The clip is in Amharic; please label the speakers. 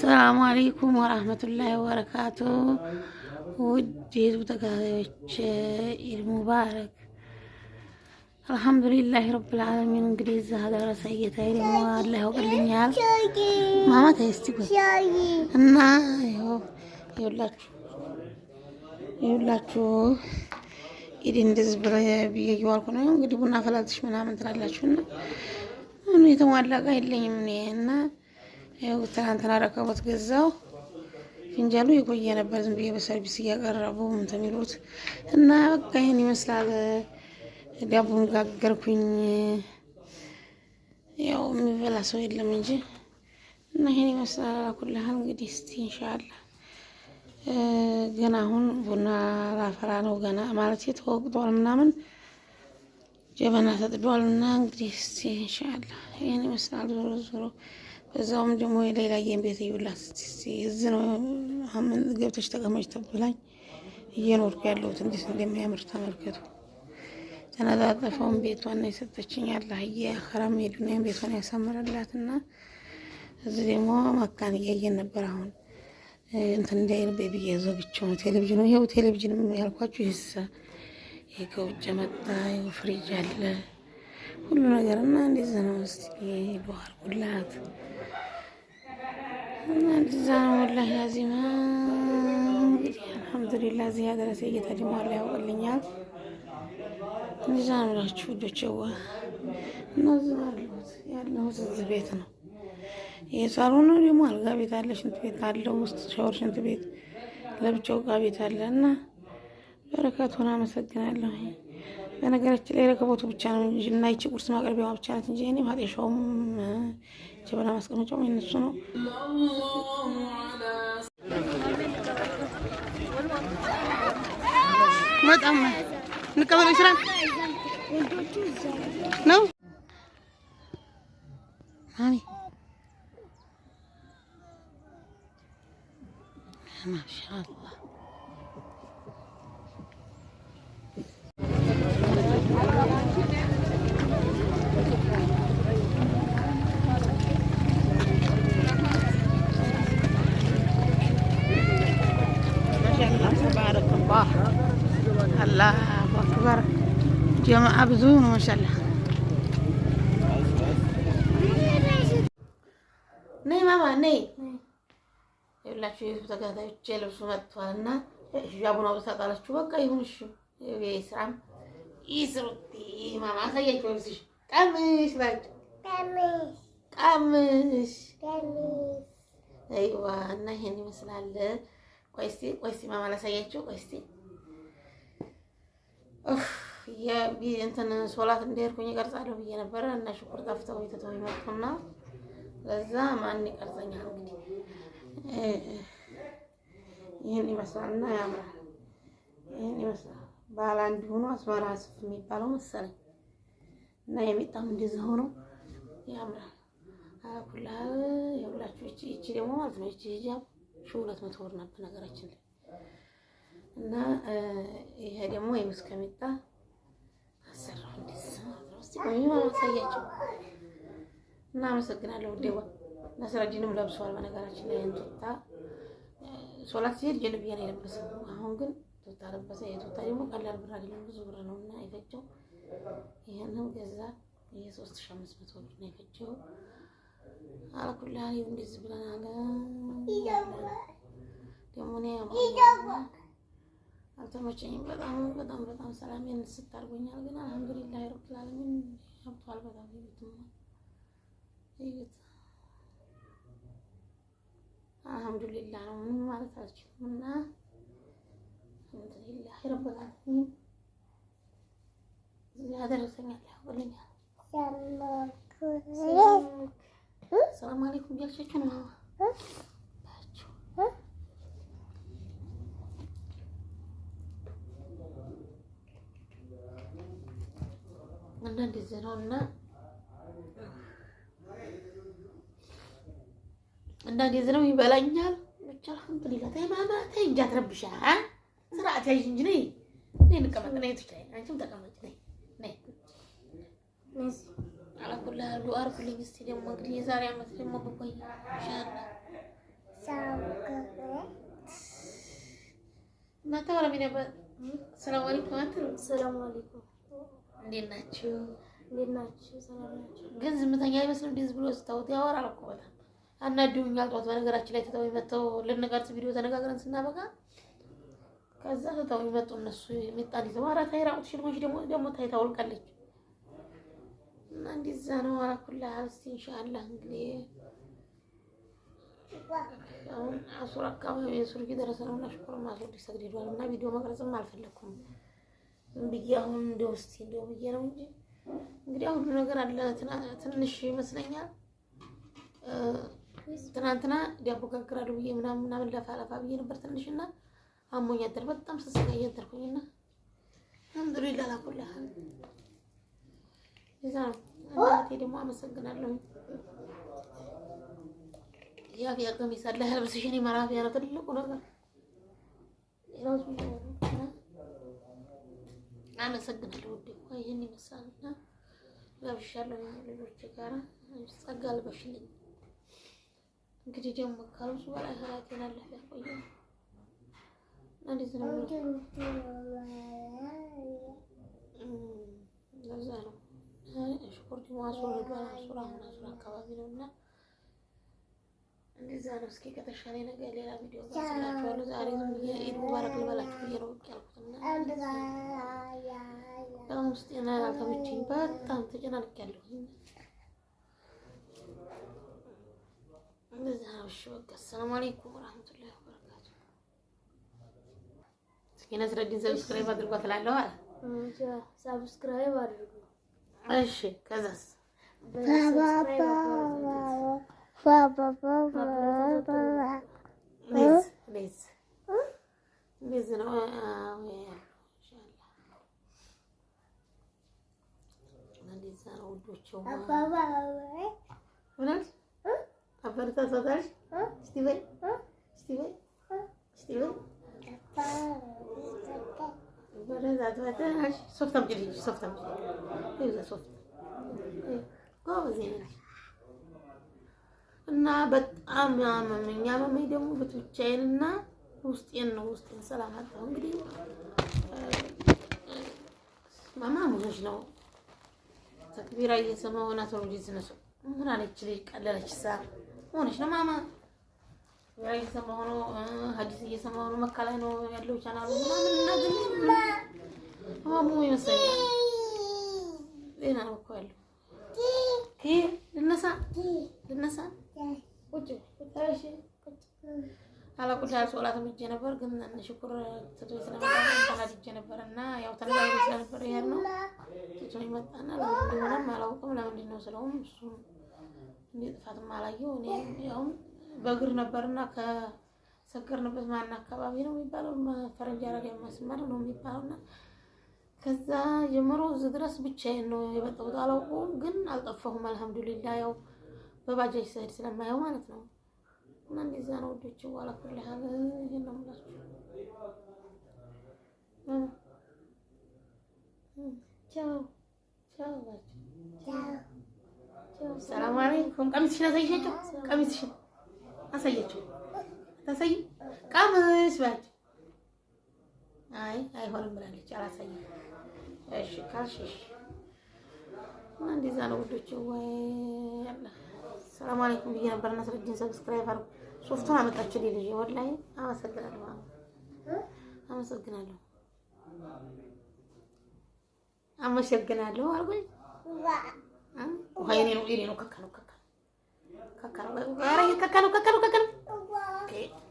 Speaker 1: ሰላሙ አሌይኩም ወራህመቱላሂ ወበረካቱ። ውድ የህዝቡ ተከታታዮች ኢድ ሙባረክ። አልሐምዱሊላህ ረብል ዓለሚን። እንግዲህ እዛ ደረሰ እየታይ ደግሞ አላህ ያውቅልኛል ማማ ታይስቲ እና ይኸውላችሁ ይኸውላችሁ ኢድ እንደዚህ ብዬ እየዋልኩ ነው። እንግዲህ ቡና ፈላልሽ ምናምን ትላላችሁና ምን የተሟላ እቃ የለኝም እኔ እና ያው ትናንትና ረከቦት ገዛው። ፍንጃሉ የቆየ ነበር፣ ዝም ብዬ በሰርቪስ እያቀረቡ እንትን እና በቃ ይህን ይመስላል። ዳቦም ጋገርኩኝ። ያው የሚበላ ሰው የለም እንጂ እና ይህን ይመስላል። አላኩልሃል እንግዲህ እስቲ እንሻላ ገና አሁን ቡና ላፈራ ነው ገና ማለት ተወቅጧል ምናምን ጀበና ተጥዷል እና እንግዲህ እስቲ እንሻላ ይህን ይመስላል ዞሮ ዞሮ እዛውም ደግሞ ሌላ የቤት ይውላል እዚህ ነው አሁን ገብተሽ ተቀመጭ ተብላኝ እየኖርኩ ያለሁት እንዴት እንደሚያምር ተመልከቱ። ተነጣጠፈውን ቤቷን ነው የሰጠችኝ። አላህዬ አኸራም የዱንያ ቤቷን ያሳምርላት እና እዚህ ደግሞ መካን እያየን ነበር። አሁን እንትን እንዳይል ቤብዬ ዘግቼው ነው ቴሌቪዥኑ። ይኸው ቴሌቪዥን ያልኳችሁ ይሳ ይህ ከውጭ መጣ። ፍሪጅ አለ ሁሉ ነገር እና እንደዛ ነው። ስ ዱዓ አድርጉላት እና እንደዛ ነው። ወላሂ አዚማ እንግዲህ አልሐምዱሊላ እዚህ ሀገረሰ ጌታ ደግሞ አላ ያውቅልኛል። እንደዛ ነው ላችሁ ልጆች ዋ እና እዚህ ያለሁት ያለሁት እዚህ ቤት ነው። ይህ ነው ደግሞ አልጋ ቤት አለ፣ ሽንት ቤት አለው፣ ውስጥ ሻወር፣ ሽንት ቤት ለብቻው እቃ ቤት አለ እና በረከቱን አመሰግናለሁ። በነገራችን ላይ ረከቦቱ ብቻ ነው እንጂ እና ይቺ ቁርስ ማቅረቢያዋ ብቻ ናት እንጂ እኔ ማጤሻውም ጀበና ማስቀመጫውም የነሱ ነው። በጣም እንቀበለ ይችላል ነው አሚ ማሻአላ ተባረክ። ጀማአ ብዙ ነው ማሻአላ። ነይ ማማ ነይ። ይኸውላችሁ የሱ ተከታዮች ልብሱ መጥቷልና ሂጃቡን አውጥታ ጣላችሁ። በቃ ይሁን እሺ። ይስራም ይስሩት ማማ አሳያችሁ ልብስሽ ቀምሽ ባጭ ቀምሽ አይዋ እና ይሄን ይመስላል። ቆይ እስኪ ቆይ እስኪ ማማ ላሳያችሁ ቆይ እስኪ እንትን ሶላት እንደሄድኩኝ እቀርጻለሁ ብዬ ነበረ እና ሽኩር ጠፍተው የተተው ይመጡና ለዛ ማን ይቀርጸኛል? እንግዲህ ይህን ይመስላል እና ያምራል። ይህን ይመስላል ባለ አንድ ሆኖ አስመራ ስፍ የሚባለው መሰለኝ እና የሚጣም እንደዚህ ሆኖ ያምራል። አኩላ የሁላችሁ ይቺ ደግሞ ማለት ነው ይቺ ሂጃብ ሺህ ሁለት መቶ ወር ናት ላይ እና ይሄ ደግሞ ይኸው እስከሚጣ አሰራሁ ማሳያቸው እና አመሰግናለሁ። ውዴዋ ነስረዲንም ለብሷል። በነገራችን ላይ ሶላት ሲሄድ ጀልብያ ነው የለበሰው። አሁን ግን ቱታ ለበሰ። የቱታ ደግሞ ቀላል ብር አይደለም ብዙ ብር ነው እና የፈጀው ገዛ። የሶስት ሺህ አምስት መቶ ብር ነው የፈጀው። እንደዚህ ብለናል ደግሞ አልተመቸኝም። በጣም በጣም በጣም ሰላም የንስት አድርጎኛል። ግን አልሐምዱሊላህ ረብል ዓለሚን ሀብቷል። በጣም ይቤትማ ይቤት አልሐምዱሊላህ ነው ምን ማለት አልችልም። እና አልሐምዱሊላህ ረብል ዓለሚን ያደረሰኛል ያውልኛል። ሰላም አለይኩም እያልሻችሁ ነው Nak di zeron nak, nak di zeron iba la nyar, nacalahan beli, katanya mama, teng jantre busa, serak jantre busa, ini nak kamar teng nay tuh, teng nak cinta kamar hmm? teng nay, nay, nasi, ala kula luar paling misteri yang menteri, sari yang menteri yang menteri yang menteri yang menteri yang assalamualaikum. yang menteri yang menteri
Speaker 2: yang menteri
Speaker 1: እንዴት ናችሁ?
Speaker 2: እንዴት ናችሁ? ሰላም ናችሁ?
Speaker 1: ግን ዝምተኛ አይመስልም። እንዴት ብሎ ስታወት ያወራል እኮ በጣም አናድዱኛል። ጠዋት በነገራችን ላይ ትተው መጥተው ልንቀርጽ ቪዲዮ ተነጋግረን ስናበቃ ከዛ ትተው መጡ እነሱ የሚጣል ይዘው ኧረ ታይ ራቁትሽን ሆንሽ ደግሞ ደግሞ ታይ ታወልቃለች እና እንዲዛ ነው። አራኩላ ኩላ እስኪ ኢንሻአላህ እንግዲህ አሁን አሱር አካባቢ የሱር እየደረሰ ነው እና ሽኩር ማሱር ሊሰግድ ሄዷል እና ቪዲዮ መቅረጽም አልፈለግኩም። ብዬ አሁን እንደው እስኪ እንደው ብዬ ነው እንጂ እንግዲህ ሁሉ ነገር አለ። ትንሽ ይመስለኛል ትናንትና ዳቦ ጋግራለሁ ብዬ ምናምን ምናምን ለፋ ለፋ ብዬ ነበር ትንሽ እና አሞኝ አደር በጣም ስስጋ እያደርኩኝ እና አልሐምዱሊላህ ላኩልህ ይዛ ነው። እናቴ ደግሞ አመሰግናለሁኝ። የአፍያ ቀሚስ አለ ያልብስሽ። እኔ ማራፊያ ነው ትልቁ ነገር አመሰግናለሁ። ውድ ይህን ይመስላልና ለብሻለሁ ልጆች ጋራ ጸጋ ልበሽልኝ። እንግዲህ ደግሞ ከብዙ በላይ ህላቴን አለፍ ያቆየ እንዴት ነው? ለዛ ነው ሽኩርት ማሶ ሄዷል። አሱራ አሁን አካባቢ ነው እና እንደዛ ነው። እስኪ ከተሻለ ነገር ሌላ ቪዲዮ ጋር ዛሬ ነው ኢድ ሙባረክ ልበላችሁ ብዬ ነው ያልኩትና በጣም ውስጥ ና አልተመቸኝ፣ በጣም ተጨናንቅ ያለሁኝ እንደዛ ነው። እሺ በቃ አሰላሙ አለይኩም ወራህመቱላሂ ወበረካቱ። እስኪ ነስረዲን ሰብስክራይብ አድርጓ ትላለሁ አለ።
Speaker 2: ሰብስክራይብ አድርጉ።
Speaker 1: እሺ ከዛስ ሶፍት አምጪልኝ፣ ሶፍት አምጪልኝ። እና በጣም አመመኝ። አመመኝ ደግሞ ብትብቻዬን እና ውስጤን ነው ውስጤን ሰላም አጣሁ። እንግዲህ ማማ ሙዞች ነው ተክቢራ እየሰማሁ እና ተወልጄ ዝነሱ ምን አለች ልጅ ቀለለች ሳ ሆነች ነው ማማ ተክቢራ እየሰማሁ ነው፣ ሀዲስ እየሰማሁ ነው። መካ ላይ ነው ያለው ቻናሉ ምናምን እና ግን ማሙ ይመስለኛል ጤና ነው እኮ ያለው ልነሳ ልነሳ አላቁሻ ሶላት ምጄ ነበር ግን ሽኩር ትቶኝ ስለመጣ ሄጄ ነበር እና ያው ተናጋሪ ስለነበር ይሄድ ነው ትቶኝ መጣና እንደሆነም አላውቅም። ለምንድን ነው ስለውም እሱ ጥፋትም አላየው። እኔ ያውም በእግር ነበርና ከሰገርንበት ማና አካባቢ ነው የሚባለው ፈረንጅ አረጋ መስመር ነው የሚባለውና ከዛ ጀምሮ እዚህ ድረስ ብቻዬን ነው የመጣሁት። አላውቀውም ግን አልጠፋሁም። አልሐምዱሊላ ያው በባጃጅ ስሄድ ስለማየው ማለት ነው እና እንደዛ ነው ወዶች ዋላ ኩል ሀል ይሄን ነው የምላችሁ። ሰላም አለይኩም። ቀሚስሽን አሳይሻቸው። ቀሚስሽን አሳያቸው። ታሳይ ቀሚስ ባጭ። አይ አይሆንም ብላለች አላሳይም። እሺ ካልሽሽ እና እንደዛ ነው ወዶች ወይ አላህ ሰላም አለይኩም ብዬ ነበር። ነስረዲን ሰብስክራይብ አድርጉ። ሶፍቱን አመጣችልኝ ልጄ። ወላሂ አመሰግናለሁ፣ አመሰግናለሁ፣ አመሰግናለሁ አልኩኝ። ውሃ የኔ ነው የኔ ነው። ከካ ነው ከካ ነው። ከካ ነው ከካ ነው ከካ ነው